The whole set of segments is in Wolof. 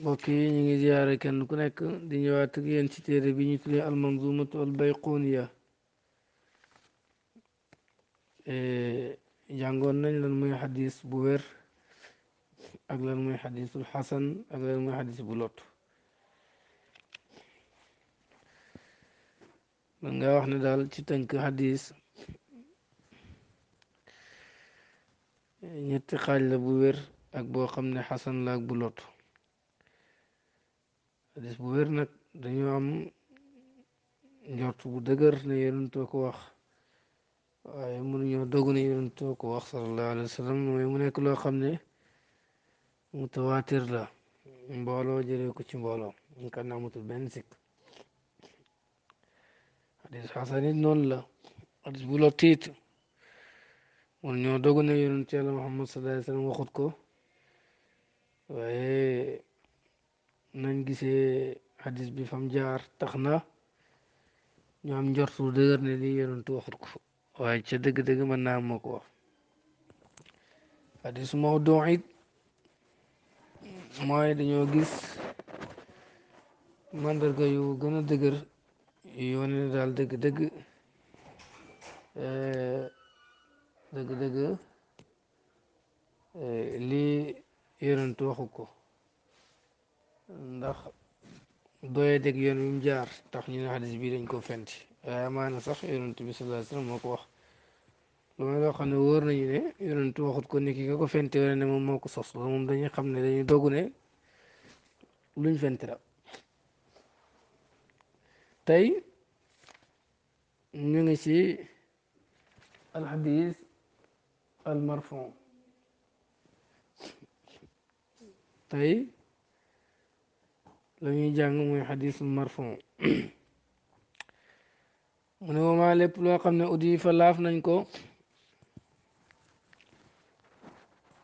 mbokk yi ñu ngi ziyaare kenn ku nekk di ñëwaat ak yéen ci téere bi ñu tuddee almanzumatu albayquniya e, jàngoon nañ lan mooy xadis bu wér ak lan mooy xadisul xasan ak lan mooy xadis bu lot man nga wax ne daal ci tënk xadis ñetti xaaj la bu wér ak boo xam ne xasan la bu lot xadis bu wér nag dañoo am njort bu dëgër ne yonentoo ko wax waaye mënuñoo dogu ne yonentoo ko wax sallallahu alayhi wa sallam mooy mu nekk loo xam ne mutawaatir la mbooloo jëlee ko ci mbooloo ñu kan amatul benn sikk xadis xasan it noonu la xadis bu la tiit mënuñoo dogu ne yonent yàlla Muhammad sallallahu alayhi wa sallam waxut ko waaye nañ gisee xadis bi fam jaar tax na ñu am njortu dëgër ne lii yonentu waxut ko dëgg-dëgg mën naa moo ko wax xadis mawdu it mooy dañoo gis mandarga yu gën dëgër yu wane ne daal dëgg-dëgg eh, dëgg-dëgg eh, lii yonentu ko ndax doye dégg yoon wi mu jaar tax ñu ne xadis bii dañ koo fenti waaye amaana sax yonent bi sallallahu alayhi wasallam moo ko wax lu may loo xam ne wóor nañu ne yonent waxut ko ne ki nga ko fenti wala ne moom moo ko sos loolu moom dañuy xam ne dañuy dogg ne luñ fenti la tey ñu ngi ci alxadis almarfon tey lañuy jàng muy xadis marfon mu ne wamaa lépp loo xam ne udi fa laaf nañ ko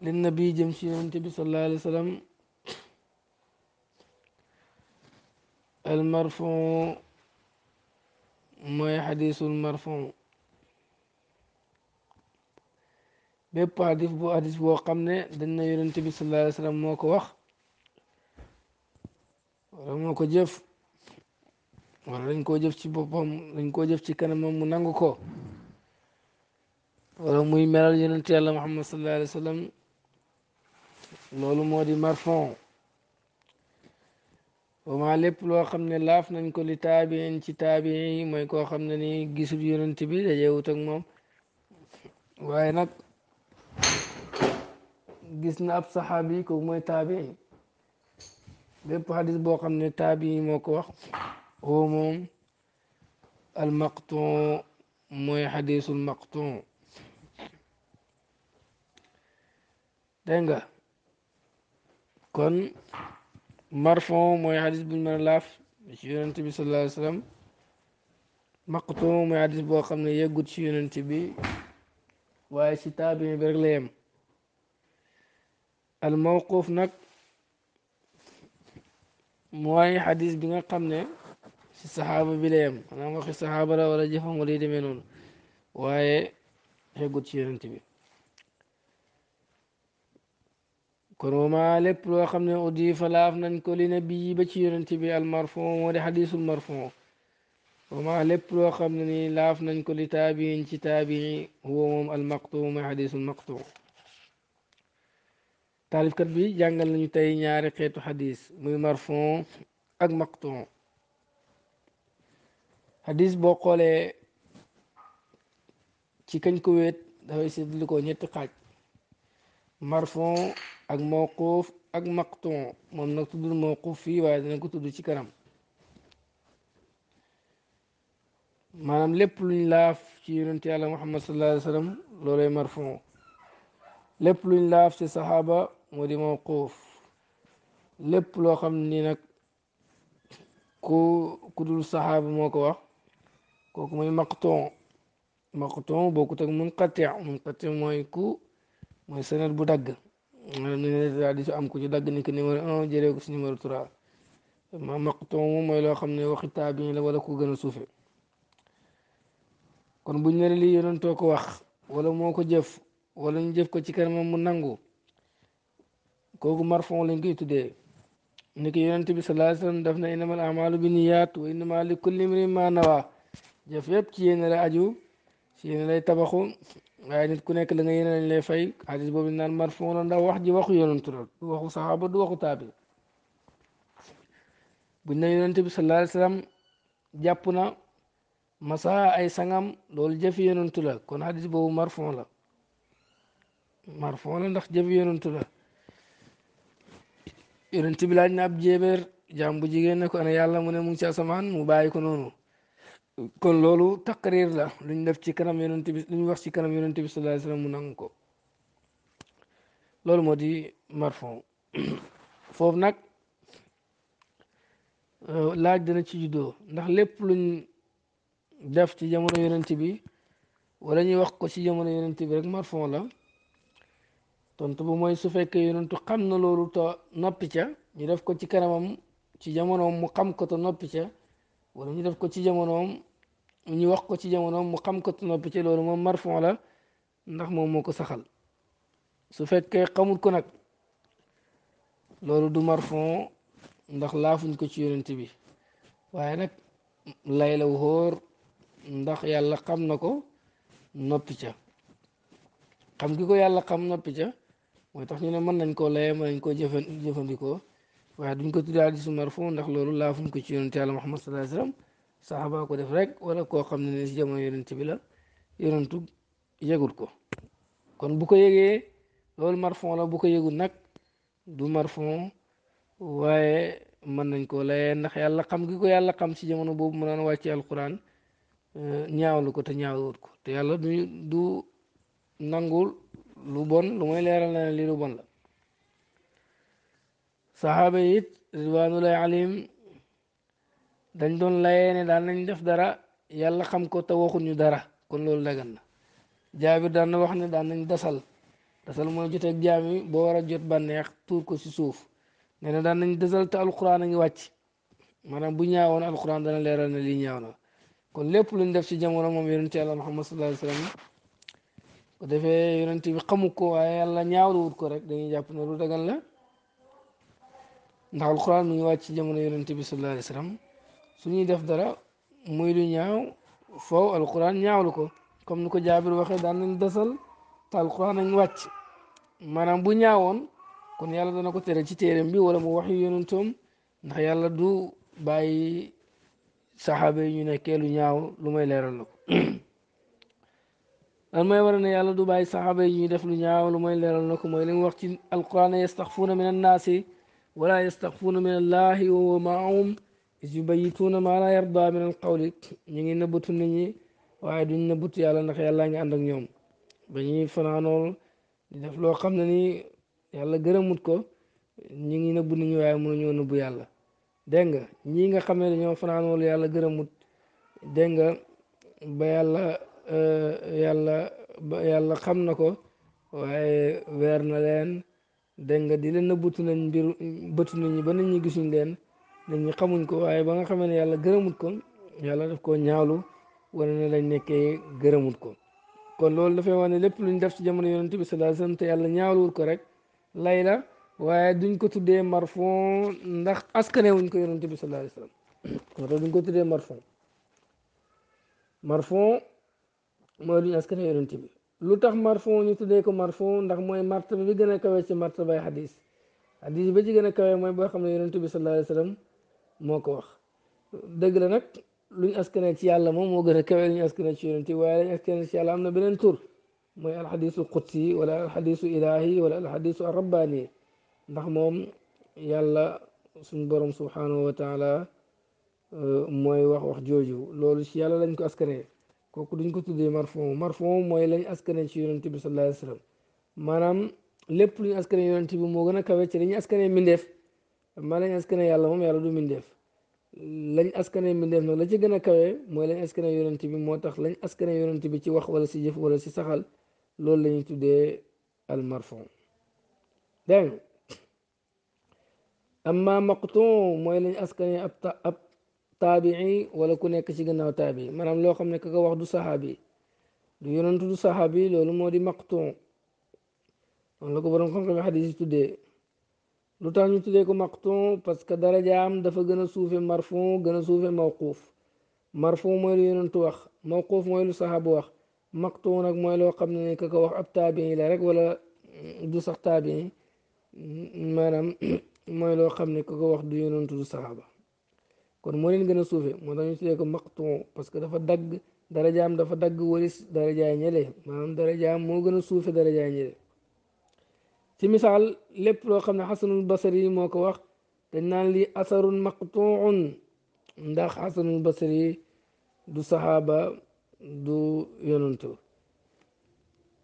lin nabi jëm ci yonente bi sallallahu alayhi wa sallam al mooy xadisul marfon bépp xadis bu xadis boo xam ne dañ na yonente bi sallallahu alayhi wa sallam moo ko wax wala moo ko jëf wala dañ koo jëf ci boppam dañ koo jëf ci kanamam mu nangu ko muy melal yonent yàlla Muhammad sallallahu alayhi wa sallam loolu moo di marfon wama lépp loo xam ne laaf nañ ko li taabiin ci taabiin yi mooy koo xam ne ni gisul yonent bi dajewut ak moom waaye nag gis na ab saxaabi kooku mooy taabiin بيبقى حديث بوقع الذي التابعين وكوخ هم المقطوع موي حديث المقطوع دنجا كن مرفوع موي حديث بن مرلاف شيخ النبي صلى الله عليه وسلم مقطوع موي حديث بوقع من يجود شيخ النبي واي الذي تابعين برغليم الموقوف موي حديث بيغا خامني سي صحابه بي ليم انا واخي صحابه لا ولا جيفهم ولي دي منون واي هيغو تي يونتي بي كروما لب لو خامني اودي فلاف نانكو لي نبي با تي يونتي بي المرفوع ودي حديث المرفوع وما لب لو خامني لاف نانكو لي تابعين تي تابعي هو المقطوع حديث المقطوع taalifkat bi jàngal nañu tey ñaari xeetu xadis muy marfon ak maqton xadis boo xoolee ci kañ ko wéet dafay séddale ko ñetti xaaj marfon ak mawquuf ak maqton moom nag tuddul fii waaye dana ko tudd ci kanam maanaam lépp luñ laaf ci yonent yàlla muhammad sallallahu alayhi wa sallam loolay marfon lépp laaf ci saxaaba moo di mawquuf lépp loo xam ni nag ku ku dul saxaaba moo ko wax kooku mooy maqton maqton bokkut ak munqati munqati mooy ku mooy sanad bu dagg maanaam di hadiis am ku ci dagg ni que numéro un jëlee ko si numéro trois ma maqton moom mooy loo xam ne waxi taabiin la wala ku gën a suufe kon buñ ne li yonentoo ko wax wala moo ko jëf wala ñu jëf ko ci kanamam mu nangu kooku marfon lañ koy tuddee ni ki yonent bi sallallahu alayhi wasallam daf na innamal amalu bi niyaat wa innama li kulli imrin ma nawa jëf yëpp ci yéen la aju ci yéen lay tabaxu ku nekk la nga yéen lañ lay fay xadis boobu naan marfon ndax wax ji waxu yonentu la du waxu saxaaba du waxu taabi buñ ne yonent bi sallallahu alayhi wasallam jàpp na masa ay sangam loolu jëfi yonentu la kon xadis boobu marfon la ndax jëfi yonentu la yonent bi laaj na ab jéebéer jaam bu jigéen ne ko ana yàlla mu ne mu ngi ci mu bàyyi ko noonu kon loolu taqrir la luñ def ci kanam yonent bi luñ wax ci kanam yonent bi sallallahu alayhi mu nangu ko loolu moo di marfon foofu nag euh, laaj dana ci juddoo ndax lépp luñ def ci jamono yonent bi wala ñuy wax ko ci jamono yonent rek marfon la tontu bu mooy su fekkee yonentu xam na loolu te noppi ca ñu def ko ci kanamam ci jamonoom mu xam ko te noppi ca wala ñu def ko ci jamonoom ñu wax ko ci jamonoom mu xam ko te noppi loolu moom marfon la ndax moom moo ko saxal su fekkee xamul ko nag loolu du marfon ndax laafuñ ko ci yonent bi waaye nag lay la wóor ndax yàlla xam na ko noppi ca gi ko yàlla xam noppi mooy tax ñu ne mën nañ koo layee mën nañ koo jëfandikoo waaye duñ ko tuddee hadisu marfu ndax loolu laafuñ ko ci yonente yàlla Muhammad sallallahu alayhi wasallam saxaaba ko def rek wala koo xam ne ne si jamono yonent bi la yonentu yëgut ko kon bu ko yëgee loolu marfon la bu ko yëgul nag du marfon waaye mën nañ koo layee ndax yàlla xam ngi ko yàlla xam si jamono boobu mu naan wàcce alquran eh, ñaawlu ko te ñaawluwut ko te yàlla du du nangul lu bon lu may leeral na lii lu bon la saxaaba yi it ridwanullahi alim dañ doon layee ne daan nañ def dara yàlla xam ko te waxuñu dara kon loolu dagan na jaabir daan na wax ne daan nañ dasal dasal mooy jot ak jaam boo war a jot banneex tuur ko si suuf nee na daan nañ dasal te alquran a ngi wàcc maanaam bu ñaawoon alquran dana leeral na lii ñaaw na kon lépp luñ def ci jamono moom yonent yàlla Muhammad sallallahu alayhi wa sallam bu defee bi xamu ko waaye yàlla ñaawlu wut ko rek dañuy jàpp ne lu dagan la ndax alquran mu ngi wàcc ci jamono yonent bi sallallahu alayhi su ñuy def dara muy lu ñaaw foofu alquran ñaawlu ko comme ni ko jaabir waxee daan nañ desal te alquran nañ wàcc maanaam bu ñaawoon kon yàlla dana ko tere ci téeram bi wala mu wax yu yonentoom ndax yàlla du bàyyi saxaaba yi ne nekkee lu ñaaw lu may leeral la المهم ورنا يا الله دبي صحابي يدفل نعاو لما يلرن لكم ويلين وقت القرآن يستخفون من الناس ولا يستخفون من الله وهو معهم إذ يبيتون ما لا يرضى من القول نيني في نيني وعيد نبوت يا الله نخي الله نعم عندك يوم بني في يدفل وقم نني يا الله قرم متكو نيني نبوت نيني وعيد في نيو نبو يا الله دنگا نيني نخمي لنيو فنانول يا الله في مت دنگا بيا الله Eh, yàlla yàlla xam na ko waaye weer na leen dégg nga di leen bët nañ mbir bëtu nañ ba nit ñi gisuñ leen nit ñi xamuñ ko waaye ba nga xamee ne yàlla gërëmut ko yàlla def koo ñaawlu wane ne lañ nekkee gërëmut ko kon loolu dafay wax ne lu luñ def ci jamono yonent bi sallallahu alayhi wasallam te yàlla ñaawluwul ko rek lay la waaye duñ ko tuddee marfon ndax askanewuñ ko yonent bi sallallahu alayhi wasallam moo tax duñ ko marfon mooy lu ñu askane yonent bi lu tax marfon ñu tuddee ko marfon ndax mooy martaba bi gën a kawe ci martabay xadis xadis ba ci gën a kawe mooy boo xam ne yonent bi sallallahu alayhi wa sallam moo ko wax dëgg la nag lu ñu askane ci yàlla moom moo gën a waaye lu ñu askane ci yonent bi waaye lu ñu askane ci yàlla am na beneen tur mooy alxadisu qudsi wala alxadisu ilahi wala alxadisu arabbaani ndax moom yàlla suñ borom subhanahu wa taala euh, mooy wax wax jooju loolu ci yàlla lañ ko askanee kooku duñ ko tuddee marfon marfon mooy lañ askane ci yonent bi sallallahu alayhi wa sallam maanaam askane yonent bi moo gën a kawe ci lañ askane mindeef ma lañ askane yàlla moom yàlla du mindeef lañ askane mindeef nag la ci gën a kawe mooy lañ askane yonent bi moo tax lañ askane yonent bi ci wax wala si jëf wala si saxal loolu la ñuy tuddee al marfon dégg amma maqton mooy lañ askane tabi'i wala ku nekk ci gannaaw tabi'i manam loo xam ne ka wax du sahabi du yonantu du sahabi loolu moo di maqton loolu la ko borom xam-xam hadith yi tuddee lu tax ñu tuddee ko maqton parce que dara jaam dafa gën a suufe marfon gën a suufe mawquuf marfon mooy lu yonantu wax mawquuf mooy lu saxaabu wax maqton nag mooy loo xam ne ka ko wax ab tabi'i la rek wala du sax tabi'i maanaam mooy loo xam ne ka ko wax du yonantu du sahaba kon moo leen gën a suufe moo tax ñu ko maqton parce que dafa dagg darajaam dafa dagg walis darajaay ñële maanaam darajaam moo gën a suufe darajaay ñële ci misaal lépp loo xam ne xasanul basari moo ko wax dañ naan lii asarun maqtuun ndax xasanul basari du saxaaba du yonantu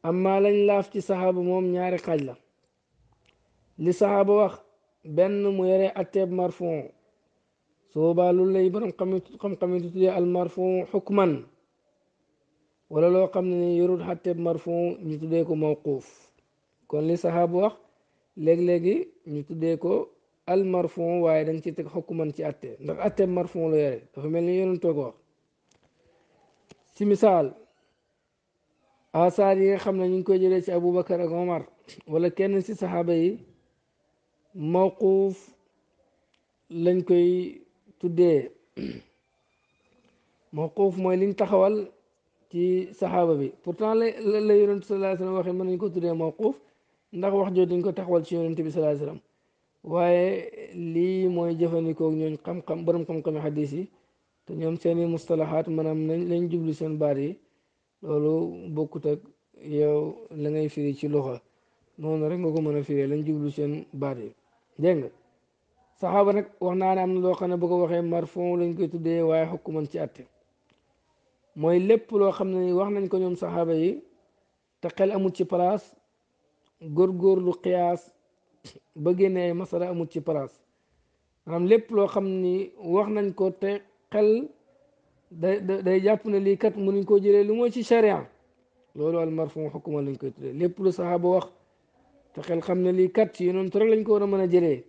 amma lañ laaf ci saxaaba moom ñaari xaaj la li saxaaba wax benn mu yore atteeb marfon su boobaa loolu lay borom xam-xam yi di tuddee al marfu xukman loo xam ne yorul xàtteeb marfu ñu tuddee ko mawquuf kon li saxaabu wax léeg-léegi ñu tuddee ko al marfu waaye dañ ci teg xukman ci atte ndax atteeb marfu la yore dafa mel ni yonentoo ko wax ci misaal asaar yi nga xam ne ñu ngi koy jëlee ci Aboubacar ak Omar wala kenn ci saxaaba yi mawquuf lañ koy tuddee mawquuf mooy liñ taxawal ci saxaaba bi pourtant la la yonent sallallahu alayhi wasallam waxee mën nañ ko tuddee mawquuf ndax wax jooju dañ ko taxawal ci yonent bi sallallahu waaye lii mooy jëfandikoo ñooñ xam-xam borom xam-xami xadis yi te ñoom seeni mustalahaat maanaam nañ lañ jublu seen baat yi loolu bokkut ak yow la ngay firi ci loxo noonu rek nga ko mën a firi lañ jublu seen baat yi dégg saxaaba nag wax naa ne am na loo xam ne bu ko waxee marfon lañ koy tuddee waaye xukkuman ci atte mooy lépp loo xam wax nañ ko ñoom saxaaba yi te xel amul ci place góorgóorlu xiyaas ba génnee masala amul ci place maanaam lépp loo xam wax nañ ko te xel day jàpp ne lii kat mënuñ koo jëlee lu mooy ci charia loolu al marfon xukkuman lañ koy tuddee lépp lu saxaaba wax te xel xam ne kat ci yonent rek lañ ko war a mën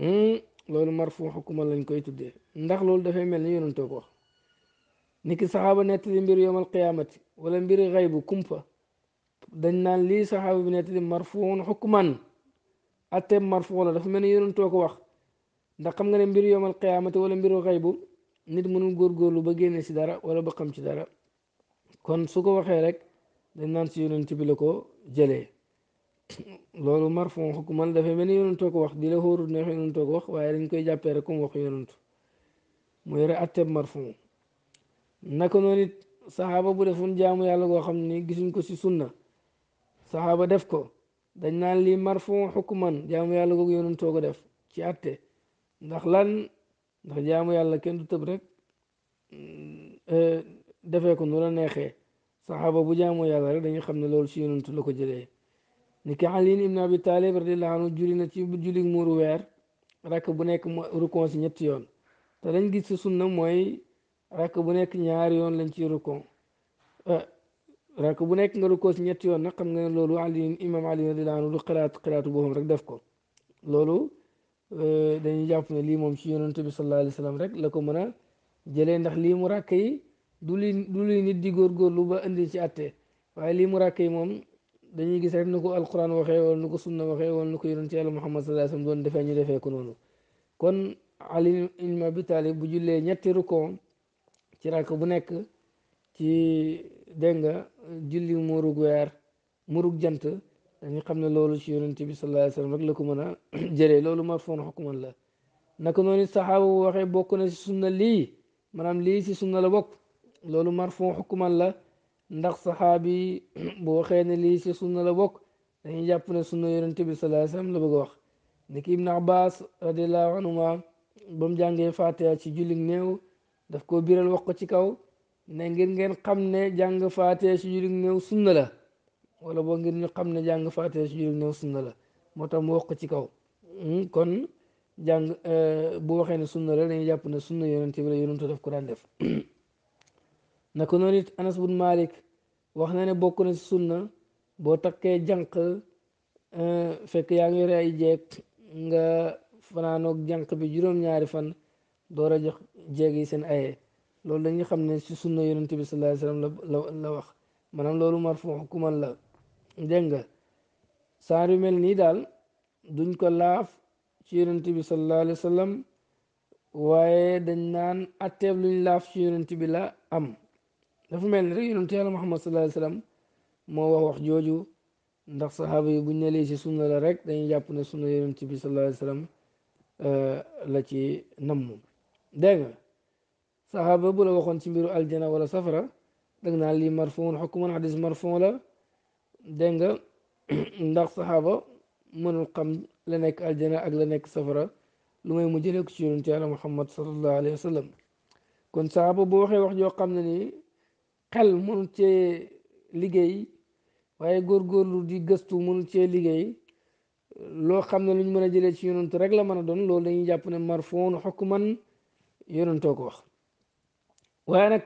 Hmm, loolu marfu xukuma lañ koy tuddee ndax loolu dafay mel ni yonantoo ko wax niki saxaaba nettali mbir yowmal qiyaamati wala mbiri xaybu kumpa dañ naan lii saxaaba bi nettali marfuun xukuman atteem marfu la dafa mel ni yonantoo ko wax ndax xam nga ne mbir yowmal qiyaamati wala mbiru xaybu nit mënul góorgóorlu ba génne si dara wala ba xam ci dara kon su ko waxee rek dañ naan si yonent bi la ko jëlee loolu marfon xukuman dafa mel ni yonantoo ko wax di la xóorul neex yonantoo ko wax waaye dañ koy jàppee rek comme wax yonantu mu yore atteb naka noonu saxaaba bu defoon jaamu yàlla goo xam ni gisuñ ko si sunna saxaaba def ko dañ naan lii marfon xukuman jaamu yàlla googu yonantoo ko def ci atte ndax lan ndax jaamu yàlla kenn du tëb rek mm, euh, defee ko nu la neexee saxaaba bu jaamu yàlla rek dañu xam ne loolu si yonantu la ko jëlee ni ki alin ibn abi talib radiallahu anhu juli na ci juli muuru weer rakk bu nekk rukon si ñetti yoon te lañ gis si sunna mooy rakk bu nekk ñaari yoon lañ ci rukon eh, rakk bu nekk nga rukon si ñetti yoon nag xam nga ne loolu alin imam alin radiallahu anhu du xalaat xalaatu boppam rek def ko loolu eh, dañuy jàpp ne lii moom ci yonent bi sallallahu alayhi wa sallam rek la ko mën a jëlee ndax lii mu rakk yi du li du li nit di góorgóorlu ba indi ci àtte waaye lii mu rakk yi moom dañuy gis rek nu ko alquran waxee wala nu ko sunna waxee wala nu ko yonent yàlla muhammad sallallahu alayhi wasallam doon defee ñu defee ko noonu kon ali ibn abi talib bu jullee ñetti rukon ci rakk bu nekk ci dégg nga julli muurug weer muurug jant dañu xam ne loolu ci yonent bi sallallahu alayhi wasallam rek la ko mën a jëlee loolu marfoon xukman la naka noonu saxaaba bu waxee bokk na ci sunna lii maanaam lii ci sunna la bokk loolu marfoon xukman la ndax saxaabi bu waxee ne lii ci sunna la bokk dañuy jàpp ne sunna yonent bi sallallahu alayhi wasallam la bëgg a wax ni ki ibn abbas radiallahu anhuma ba mu jàngee fatiha ci julli néew daf ko biral wax ko ci kaw ne ngir ngeen xam ne jàng fatiha ci julli new sunna la wala boo ngir ñu xam ne jàng fatiha ci julli néew la moo tax mu wax ko ci kaw hmm, kon jàng euh, bu waxee ne sunna la dañuy jàpp ne sunna yonent bi la yonent daf ko daan def naka noonu it anas bun malik wax na ne bokk na si sunna boo takkee jànq euh, fekk yaa ngi ay jeeg nga fanaanoog jànq bi juróom-ñaari fan door a jox jeeg yi seen aye loolu dañuy xam ne si sunna yonente bi sallallahu la la wax maanaam loolu marfu xukuman la dégg nga saar yu mel nii daal duñ ko laaf ci yonente bi sallallahu alayhi wasallam waaye dañ naan atteeb laaf ci yonente bi la am dafa mel ni rek yonent yàlla Muhammad sallallahu alayhi wa sallam moo wax wax jooju ndax saxaaba yi buñ ne lee si sunna la rek dañuy jàpp ne sunna yonent bi sallallahu alayhi wa sallam la ci namm dégg nga saxaaba bu la waxoon ci mbiru aljana wala safara dag naa lii marfuun xukuman xadis marfuun la dégg nga ndax saxaaba mënul xam la nekk aljana ak la nekk safara lu may mu jëlee ko ci yonent yàlla Muhammad sallallahu alayhi wa sallam kon saxaaba bu waxee wax joo xam ne nii xel mënu cee liggéey waaye lu di gëstu mënu cee liggéey loo xam ne lu ñu mën a jëlee ci yonantu rek la mën a doon loolu dañuy jàpp ne marfoon xukman yonantoo ko wax waaye nag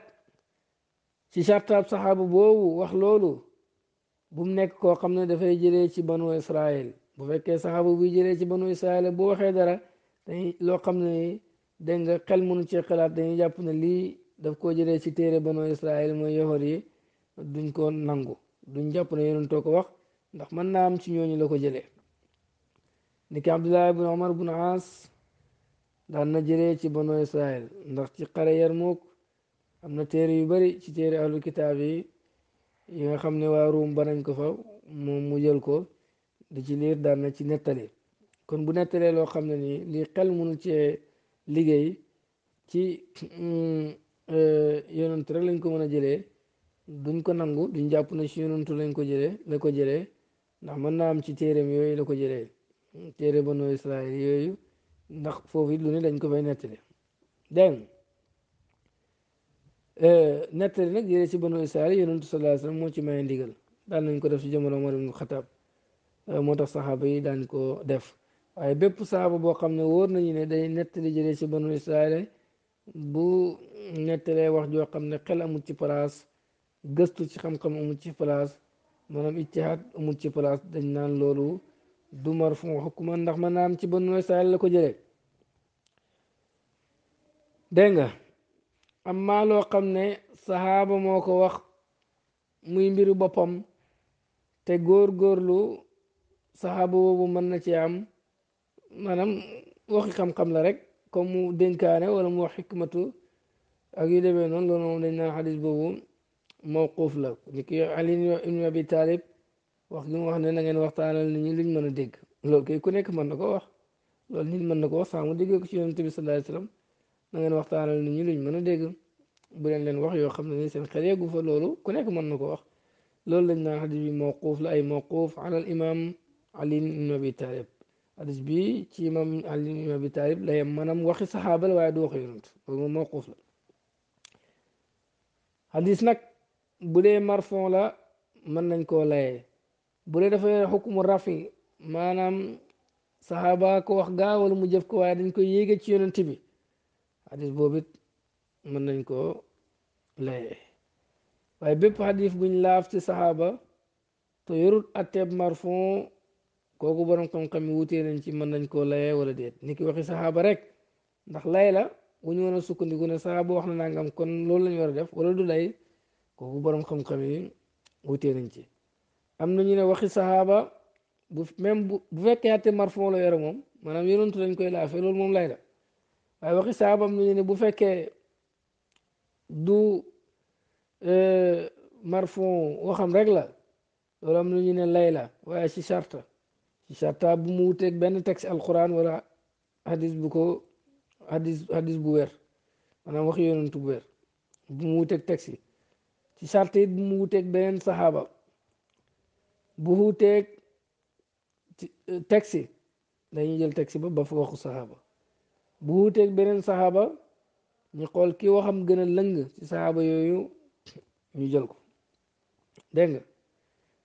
ci sartaab saxaabu boobu wax loolu bu nekk koo xam ne dafay jëlee ci banu israil bu fekkee saxaaba buy jëlee ci banu israil boo waxee dara dañuy loo xam ne dégg nga xel mënu cee xalaat dañuy jàpp ne lii daf koo jëlee ci téere banu Israël mooy yoxor yi duñ ko nangu duñ jàpp ne yonentoo ko wax ndax man naa am ci ñooñu la ko jëlee ni ki Abdullah ibn Omar ibn Aas daan na jëlee ci banu Israël ndax ci xare Yarmuk am na téere yu bari ci téere ahlu kitaab yi yi nga xam ne waa Ruum banañ ko fa moom mu jël ko di ci liir daan na ci nettali kon bu nettalee loo xam ne nii lii xel mënu cee liggéey ci mm, Eh, yonent rek lañ ko mën a jëlee duñ ko nangu duñ jàpp ne ci yonentu lañ ko jëlee la ko jëlee ndax mën naa am ci téereem yooyu la ko jële téere banu Israayil yooyu ndax foofu it lu ne dañ ko fay nettali dégg eh, nettali nag jëlee ci banu Israayil yonentu sallallahu alayhi moo ci maye ndigal daan nañ ko def ci jamono Umar ibn eh, moo tax saxaaba yi daan ko def waaye bépp saxaaba boo xam ne wóor nañu ne day nettali jëlee si banu Israayil bu nettalee wax joo xam ne xel amul ci place gëstu ci xam-xam amul ci place ci ijtihaad amul ci place dañ naan loolu du marfu xukuman ndax ma naam ci Banu Israayil ko jëlee dégg nga am maa loo xam ne saxaaba moo ko wax muy mbiru boppam te góor lu saxaaba boobu mën na ci am maanaam waxi xam-xam la rek comme mu dénkaane wala mu wax xikmatu ak yu demee noonu loolu moom dañ naan xadis boobu mawquuf la ni ki Ali ibn Abi Talib wax gi mu wax ne na ngeen waxtaanal nit ñu luñ mën a dégg loolu kay ku nekk mën na ko wax loolu nit mën na ko wax déggee ko ci yonent bi sallallahu alayhi wasallam na ngeen waxtaanal nit ñi luñ mën a dégg bu leen leen wax yoo xam ne ni seen xel yeggu fa loolu ku nekk mën na ko wax loolu lañ naan xadis bi mawquuf la ay mawquuf ala al imam Ali ibn Abi Talib hadis bi ci imam Ali ibn Abi Talib la yem maanaam waxi saxaaba la waaye du waxi yonent loolu moom mawquuf la hadis nag bu dee marfon la mën nañ koo layee bu dee dafa yore xukumu rafi maanaam saxaaba ko wax gaa wala mu jëf ko waaye dañ koy yéege ci yonent bi hadis boobu it mën nañ koo layee waaye bépp hadis buñ laaf ci saxaaba te yorut atteeb marfon kooku borom xam-xam yi wutee nañ ci mën nañ koo layee wala déet ni ki waxi saxaaba rek ndax lay la bu ñu mën a sukkandiku ne saxaaba wax na nangam kon loolu lañu war a def wala du lay kooku borom xam-xam yi wutee nañ ci am na ñu ne waxi saxaaba bu même bu fekkee àtte marfon la yore moom maanaam yonentu lañ koy laa laafe loolu moom lay la waaye waxi saxaaba am na ñu ne bu fekkee du e, marfon waxam rek la loolu am na ñu ne lay waaye ci charte sarta bu mu wuteeg benn texte alquran wala hadis bu ko hadis hadis bu wér maanaam wax yonent bu wér bu mu wuteeg texte yi ci sarta bu mu wuteeg beneen saxaaba bu wuteeg euh, texte dañuy jël texte ba ba fa waxu saxaaba bu wuteeg beneen saxaaba ñu xool ki waxam gën a lëng ci saxaaba yooyu ñu jël ko dégg nga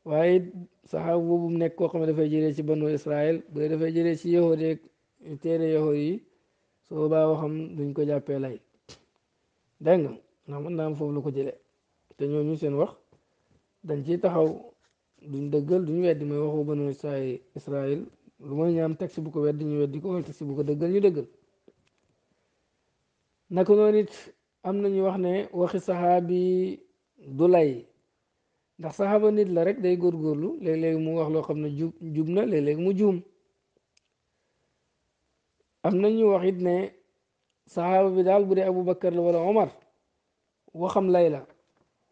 waaye saxaaba boobu mu nekk koo xam ne dafay jële ci banu Israël bu dee dafay jëlee ci yahood yi téere yahood yi soo baa waxam duñ ko jàppee lay dégg ndax mën naa am foofu la ko jëlee te ñooñu seen wax dañ ciy taxaw duñ dëggal duñ weddi mooy waxu banu Israël lu mooy ñaam taxi bu ko weddi ñu weddi ko wala taxi bu ko dëggal ñu dëggal naka noonu it am na nañu wax ne waxi saxaabi du lay ndax saxaaba nit la rek day góorgóorlu léeg-léeg mu wax loo xam ne jub jub na léeg-léeg mu juum am na ñu wax it ne saxaaba bi daal bu dee Abu Bakar la wala Omar waxam lay la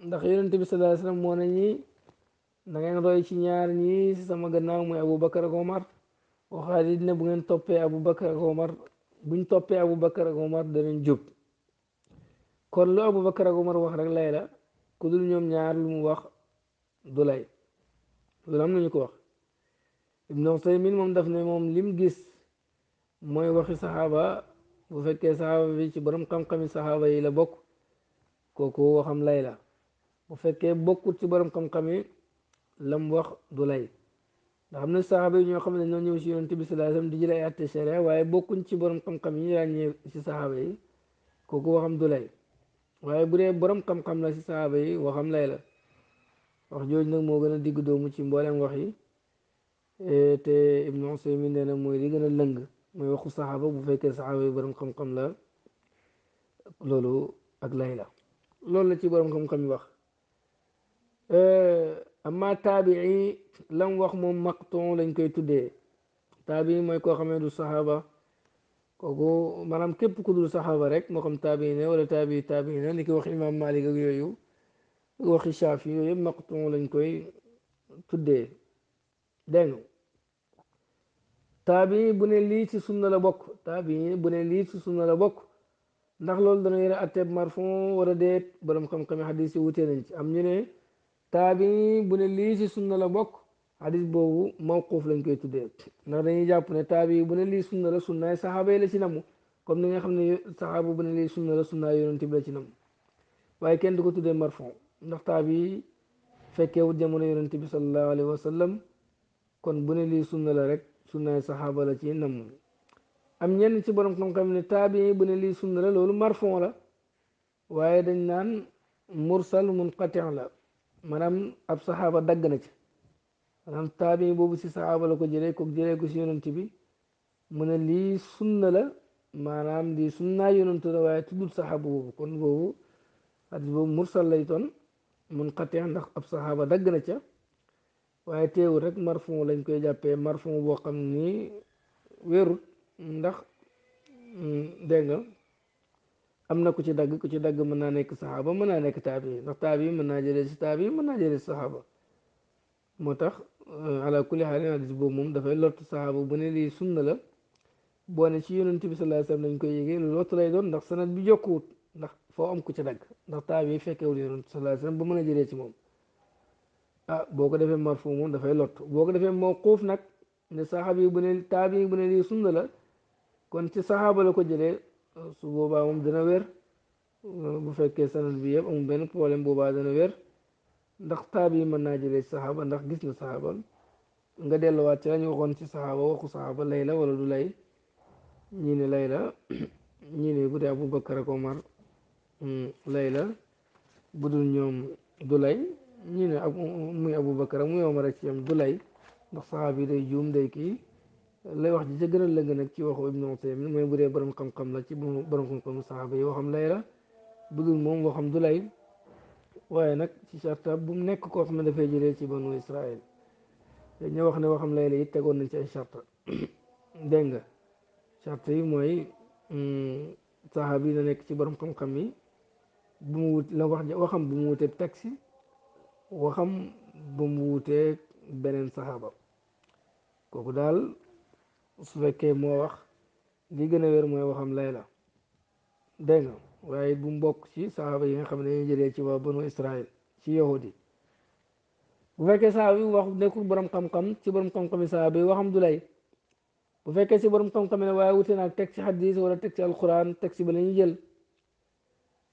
ndax yonent bi sallallahu alayhi wasallam moo ne ñi da ngeen roy ci ñaar ñi sama gannaaw mooy Abu Bakar ak Omar waxaat it ne bu ngeen toppee Abu Bakar ak Omar buñ toppee Abu ak Omar danañ jub kon lu Abu Bakar ak Omar wax rek lay la ku ñoom ñaar lu mu wax. du lay loolu am nañu ko wax Ibn Usaymin moom daf ne moom lim gis mooy waxi saxaaba bu fekkee saxaaba bi ci borom xam-xami saxaaba yi la bokk kooku waxam lay la bu fekkee bokkut ci borom xam-xami lam wax du lay ndax am na saxaaba yi ñoo xam ne ñoo ñëw si yoon bi sallallahu alayhi wasallam di jël lay àtte sharia waaye bokkuñ ci borom xam-xam yi ñu ràññee si saxaaba yi kooku waxam du lay waaye bu dee borom xam-xam la si saxaaba yi waxam lay la wax jooju nag moo gën a digg doomu ci mboolem wax yi eh, te ibnu usaymin nee na mooy li gën a lëng mooy waxu saxaaba bu fekkee saxaaba yi borom xam-xam la loolu ak lay la loolu la ci borom xam-xam yi wax eh, amma taabii lam wax moom maqton lañ koy tuddee taabii mooy koo xamee du saxaaba kooku maanaam képp ku dul saxaaba rek moo xam taabii ne wala taabii taabii na ni ki wax imam malik ak yooyu waxi Shaafi yooyu yëpp maqton lañ koy tuddee dégg nga taabi bu lii ci sunna la bokk taabi bu ne lii ci la bokk ndax loolu dana yore atteeb marfon wara a déet borom xam-xami xadis yi nañ ci am ñu ne taabi bu ne lii ci sunna la bokk xadis boobu mawquuf lañ koy tuddee ndax dañuy jàpp ne taabi bu ne lii sunna la sunnaay saxaaba yi la ci namu comme ni nga xam ne saxaaba bu ne lii sunna la sunnaay yonent bi la ci namu waaye kenn du ko tuddee marfon ndax taabi fekkeewut jamono yonent bi sallallahu alayhi wa kon bu ne lii sunna la rek sunnaay saxaaba la ci namm am ñenn ci borom xam-xam ne taabi bu ne lii sunna la loolu marfon la waaye dañ naan mursal munqati la maanaam ab saxaaba dagg na ci maanaam taabi boobu si saxaaba la ko jëlee ko jëlee ko si yonent bi mu ne lii sunna la maanaam lii sunnaa yonent la waaye tuddul saxaaba boobu kon boobu at boobu mursal lay toon munqati ndax ab saxaaba dagg na ca waaye teewul rek marfon lañ koy jàppee marfon boo xam ni wérut ndax mm, dégg nga am na ku ci dagg ku ci dagg mën naa nekk saxaaba mën naa nekk taabi ndax taabi mën naa jëlee si taabi mën naa jëlee si saxaaba moo tax euh, ala kulli xaalin hadis boobu moom dafay lott saxaaba bu ne lii sunna la boo ne ci yonent bi sallallahu alayhi wasallam lañ koy yëgee lu lott doon ndax sanad bi jokkuwut foo am ku ca dagg ndax taabi yi fekkewul yonent sallallahu alayhi wasallam ba mën a jëlee ci moom ah boo ko defee marfu moom dafay lot boo ko defee mawquuf nag ne saxaabi yi bu ne taabi bu ne lii sunna kon ci saxaaba la ko jëlee su boobaa moom dana wér bu fekkee sanad bi yëpp amul benn problème boobaa dana wér ndax taabi mën naa jëlee saxaaba ndax gis na saxaaba nga delluwaat ci la ñu ci saxaaba waxu saxaaba lay la wala du lay ñii ne lay bu dee Abu Mm, lay la bu dul ñoom du lay ñu ne ab muy Aboubacar muy Omar ak ci am du lay ndax saxaab yi day juum day kii lay wax ji ca gën a lëng nag ci waxu Ibnu Utaymin mooy bu dee borom xam-xam la ci borom xam-xamu saxaaba yi waxam lay la bu dul moom waxam du lay waaye nag ci sarta bu mu nekk koo xam ne dafay jëlee ci banu Israël dañu wax ne waxam lay la it tegoon nañ ci ay sarta dégg nga sarta yi mooy mm, saxaab yi na nekk ci borom xam-xam yi. bu mu la wax waxam bu mu wuteeg taxi waxam bu mu wuteeg beneen saxaaba kooku daal su fekkee moo wax li gën a wér mooy waxam lay la dégg nga waaye bu mu bokk ci saxaaba yi nga xam ne dañuy jëlee ci waa banu Israël ci yahudi bu fekkee saxaaba bi wax nekkul borom xam-xam ci borom xam-xam yi saxaaba yi waxam du lay bu fekkee ci borom xam-xam ne waaye wute naag teg ci xadis wala teg ci alquran teg ci ba la jël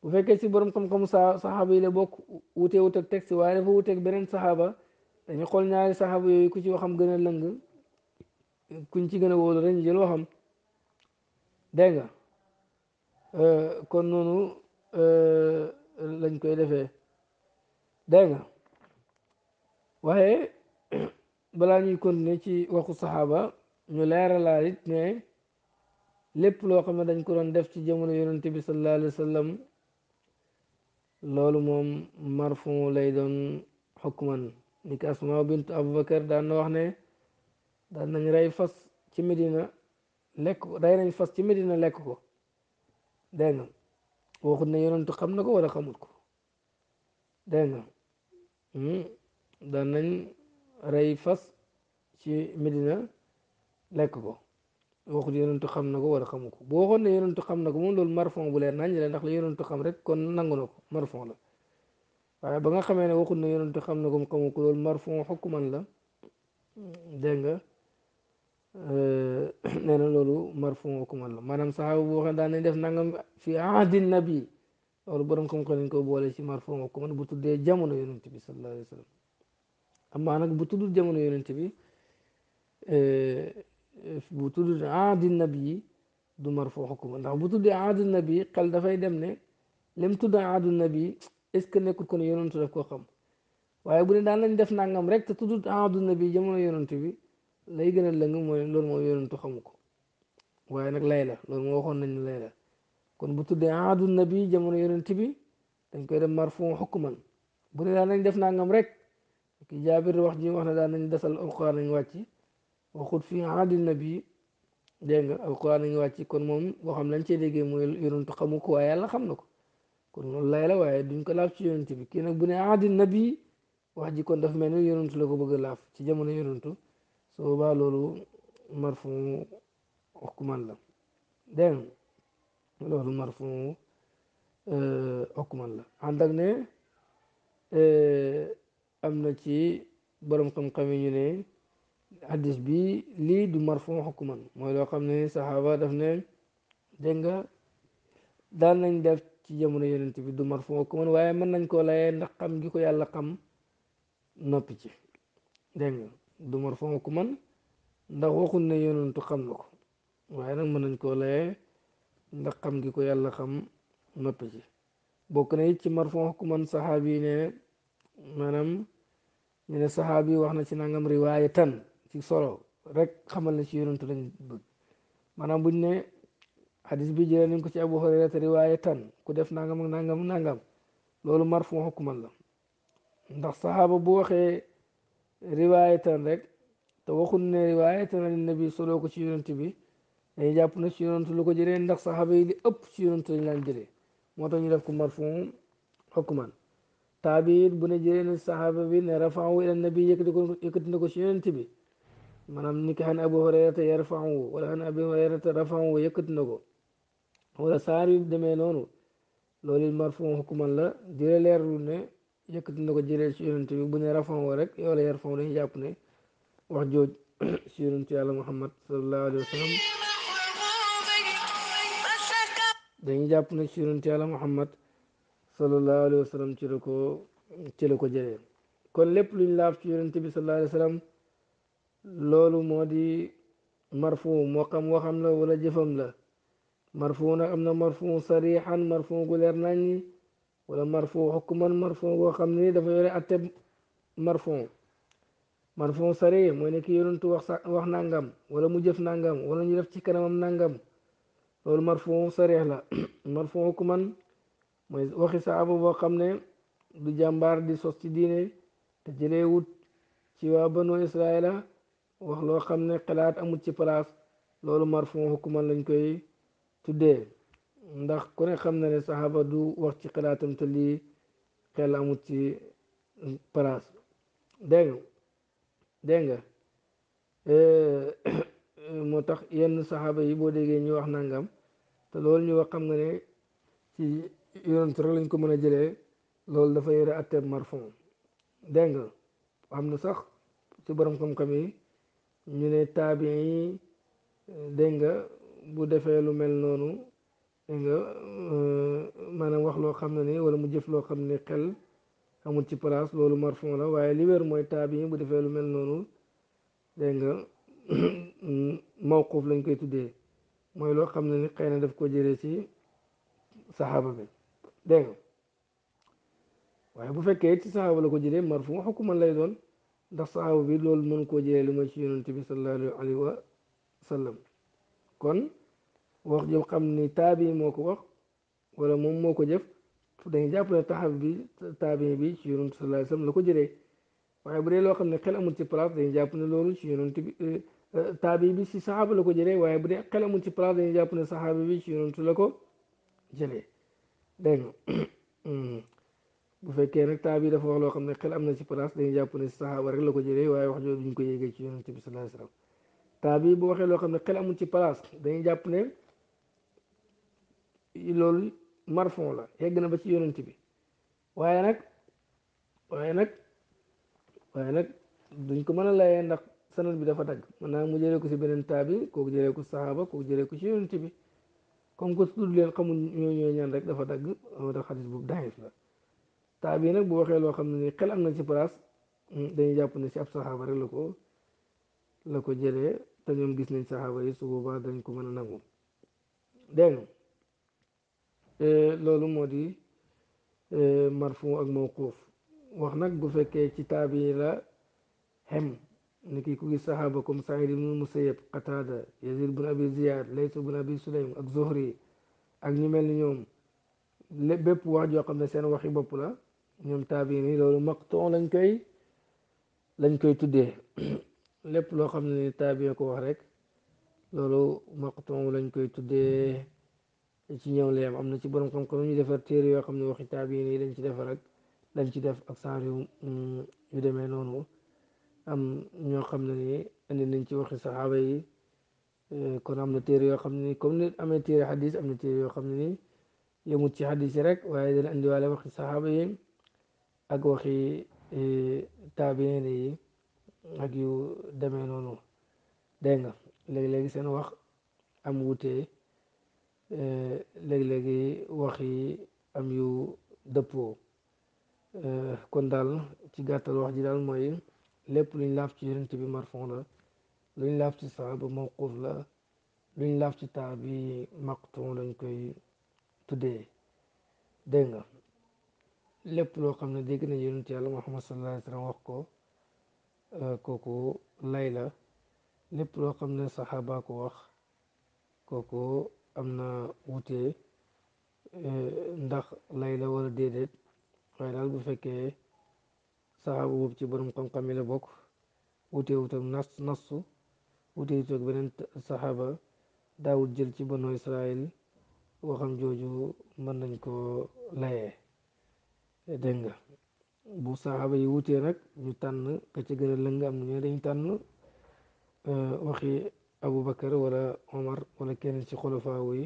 bu fekkee si borom xam-xamu saxaaba yi la bokk wutee wut ak texte waaye dafa wuteeg beneen saxaaba dañu xool ñaari saxaaba yooyu ku ci waxam gën a lëng kuñ ci gën a wóolu dañu jël waxam dégg nga euh, kon noonu euh, lañ koy defee dégg nga waaye balaa ñuy continuer ci waxu saxaaba ñu leeralaalit ne lépp loo xam ne dañ ko doon def ci jamono yonente bi sallallahu alayhi wa sallam loolu moom marfu lay doon xukman ni ko asma bintu abubakar daan na wax ne daan nañ rey fas ci medina lekk ko rey nañ fas ci medina lekk ko dégg nga waxut ne yonentu xam na ko wala xamut ko dégg nga hmm? daan nañ rey fas ci medina lekk ko waxul yonentu xam na ko wala xamu ko boo waxoon ne yonentu xam na ko moom loolu marfon bu leer nañ la ndax la yonentu xam rek kon nangu na ko marfon la ba nga xamee ne waxul ne yonentu xam na ko mu xamu ko loolu marfon xukkuman la dégg nga na loolu marfon xukkuman la maanaam saxaaba boo xam daan nañ def nangam fi ahdi nabi loolu borom xam-xam nañ ko boole ci marfon xukkuman bu tuddee jamono yonent bi sallallahu alayhi wa sallam amaa nag bu tuddul jamono yonent bi bu tudd aadi nabi du marfu xukuma ndax bu tudd aadi nabi xel dafay dem ne lim tudd aadi nabi est ce que nekkul kon yonantu daf koo xam waaye bu ne daan lañ def nangam rek te tudd aadi nabi jamono yonantu bi gën a lëng mooy loolu mooy yonantu xamu ko waaye nag lay la loolu moo nañ ne la kon bu tuddee aadi nabi jamono yonantu bi dañ koy dem marfu xukuman bu ne daan lañ def nangam rek ki jaabir wax ji wax ne daan nañ desal alquran nañ wàcc. waxut fi aadil bi dégg nga alquran a ngi wàcc kon moom waxam lañ cee déggee mooy yonentu xamu ko waaye yàlla xam na ko kon loolu lay la waaye duñ ko laaf ci yonent bi kii nag bu ne aadil bi wax ji kon dafa mel ni yonentu la ko bëgg a laaf ci jamono yonentu su boobaa loolu marfu okkuman la dégg nga loolu marfu okkuman euh, la ànd ne euh, am na ci borom xam-xam ñu ne xadis bi lii du marfon xukuman mooy loo xam ne saxaaba def ne dégg nga daan nañ def ci jamono yonent bi du marfon xukuman waaye mën nañ koo layee ndax xam ngi ko yàlla xam noppi ci dégg nga du marfon xukuman ndax waxul ne yonentu xam na waaye nag mën nañ koo layee ndax xam gi ko yàlla xam noppi bokk na it ci marfon xukuman saxaabi yi ne maanaam ñu ne saxaabi wax na ci nangam riwaaya tan ci solo rek xamal ne ci yonentu lañ bëgg maanaam buñ ne hadis bi jëlee nañ ko ci Abu Hurayra te riwaaye tan ku def nangam ak nangam nangam loolu marfu xukuman la ndax saxaaba bu waxee riwaaye tan rek te waxul ne riwaaye tan an nabi ko ci yonent bi dañuy jàpp na ci yonent lu ko jëlee ndax saxaaba yi li ëpp ci yonent lañ laan jëlee moo tax ñu def ko marfu xukuman taabi bu ne jëlee na maanaam ni ki xan abu hurayrata yarfa'u wala xan abu hurayrata rafa'u yëkkati na ko wala saar yu demee noonu loolu marfon xukuman la dina leerlu na ko jëlee ci yonent bu ne rafa'u rek la yarfa'u dañuy jàpp ne wax jooj ci yonent yàlla muhammad sallallahu alayhi jàpp ne ci yonent yàlla muhammad sallallahu alayhi wa sallam ci la ko ci la ko jëlee kon lépp luñ laaf ci yonent bi sallallahu alayhi wa sallam loolu moo di marfu moo xam waxam la wala jëfam la marfu nag am na marfu sarixan marfu gu leer nañ ñi wala marfu xukman marfu goo xam ni dafa yore atteb marfu marfu sarix mooy ne ki wax nangam wala mu jëf nangam wala ñu def ci kanamam nangam loolu marfu sarix la marfu xukman mooy waxi saaba boo xam ne du jàmbaar di sos ci diine te jëlee wut ci waa banu israila wax loo xam ne xalaat amut ci place loolu marfon xukuman lañ koy tuddee ndax ku ne xam na ne saxaaba du wax ci xalaatam te lii xel amut ci place dégg nga nga eh, moo tax yenn saxaaba yi boo déggee ñu wax nangam te loolu ñu wax xam nga ne ci yonent rek lañ ko mën a jëlee loolu dafa yore atteb marfon dégg nga am na sax ci borom xam-xam yi ñu ne taabiin yi dégg nga bu defee lu mel noonu dégg nga euh, maanaam wax loo xam ne ni wala mu jëf loo xam ne xel amul ci place loolu marfon la waaye li wér mooy taabiin bu defee lu mel noonu dégg nga mawquuf lañ koy tuddee mooy loo xam ne ni xëy na daf ko jëlee ci saxaaba bi dégg nga waaye bu fekkee ci saxaaba la ko jëlee marfu xukuman lay doon ndax saxaaba bi loolu mën koo jëlee lu ma ci yonent bi sallallahu alayhi wa sallam kon wax jëm xam ni taabi moo ko wax wala moom moo ko jëf dañu jàpp ne taxaw bi taabi bi ci yonent sallallahu alayhi wa sallam la ko jëlee waaye bu dee loo xam ne xel amul ci place dañu jàpp ne loolu ci yonent bi euh, euh, taabi bi si saxaaba la ko jëlee waaye bu dee xel amul ci place dañu jàpp ne saxaaba bi ci yonent la ko jëlee dégg nga hmm. bu fekkee nag taabi dafa wax loo xam ne xel am na ci place dañuy jàpp ne saxaaba rek la ko jëlee waaye wax jooju duñ ko yéegee ci yonente bi sallallahu alayhi wasallam taabi bu waxee loo xam ne xel amul ci dañuy jàpp ne loolu marfon la yegg na ba ci yonent bi waaye nag waaye nag waaye nag duñ ko mën a layee ndax sanad bi dafa dagg mën naa mu jëlee ko si beneen taabi kooku jëlee ko saxaaba ko jëlee ko ci yonent bi comme que tudd leen xamul ñoo ñoo ñaan rek dafa dagg moo tax xadis boobu daif la taa bii nag bu waxee loo xam ne nii xel am na ci place mm, dañuy jàpp ne si ab saxaaba rek la ko la ko jëlee te ñoom gis nañ saxaaba yi su boobaa dañ ko mën a nangu dégg eh, loolu moo di eh, marfu ak mawquuf wax nag bu fekkee ci taabi la xem ni ki ku gis saxaaba comme Saïd ibn Musayyab Qatada Yazid bun Abi Ziyad Layth bun Abi Sulaym ak Zuhri ak ñu mel ni ñoom lépp bépp wax joo xam ne seen waxi bopp la ñoom taabiin yi loolu maqton lañ koy lañ koy tuddee lépp loo xam ne taabiin ko wax rek loolu maqton lañ koy tuddee ci ñëw la yam am na ci borom xam-xam ñu defar téere yoo xam ne waxi taabiin yi lañ ci defar rek lañ ci def ak saar yu yu demee noonu am ñoo xam ne ni indi nañ ci waxi saxaaba yi kon am na téere yoo xam ne ni comme ni amee téere xadis am na téere yoo xam ne ni yemut ci xadis yi rek waaye dana indiwaale waxi saxaaba yi ak waxi e, taabiyeen yi ak yu demee noonu dégg nga léegi-léegi seen wax am wute léegi-léegi wax yi am yu dëppoo e, kon daal ci gàttal wax ji daal mooy lépp luñ laaf ci yonent bi marfon la luñ laaf ci saaba mawquuf la luñ laaf ci bi maqton lañ koy tuddee dégg nga lépp loo xam ne dégg na yonent yàlla Muhammad sallallahu alayhi wa wax ko euh, kooku lay la lépp loo xam ne saxaaba ko wax kooku am na wutee euh, ndax lay la a déedéet waaye daal bu fekkee saxaaba boobu ci borom xam-xam yi la bokk wutee wut ak nassu nasu wutee wut ak beneen saxaaba daawul jël ci banu Israel waxam jooju mën nañ ko laye Eh, dégg nga bu saxaaba yi wutee nag ñu tànn ka ci gën a lëng am na ñoo dañ tànn eh, waxi Aboubacar wala Omar wala kenn ci xolofaawu yi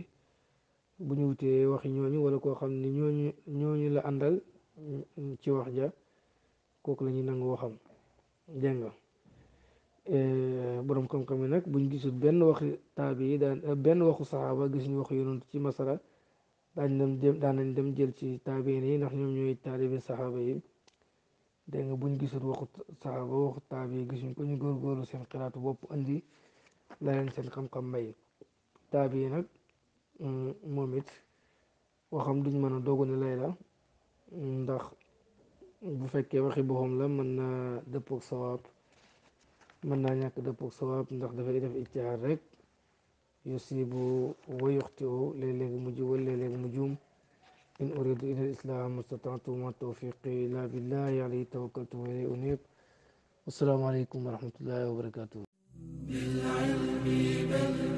bu ñu wutee waxi ñooñu wala koo xam ni ñooñu ñooñu la àndal ci wax ja kooku la ñuy nangu waxam dégg nga eh, borom xam-xam yi nag ñu gisul benn waxi taabi yi daan benn waxu saxaaba gisuñu ñu waxu ci masala daañ dem daanañ dem jël ci taabiin yi ndax ñoom ñooy taalibi saxaaba yi dégg nga buñ gisul waxu saxaaba waxu taabi gisuñ ko ñu góorgóorlu seen xiraatu bopp andi la leen seen xam-xam may taabi yi nag mm, moom it waxam duñ mën a doogu ne lay la ndax bu fekkee waxi boppam la mën naa dëppoog sawaab mën naa ñàkk dëppoog sawaab ndax dafay def ijtihaad rek يصيب ويخطئ ليلك مجي وليلك مجوم إن أريد إلى الإسلام ما استطعت وما توفيقي إلا بالله عليه توكلت وإليه أنيب والسلام عليكم ورحمة الله وبركاته بالعلم بل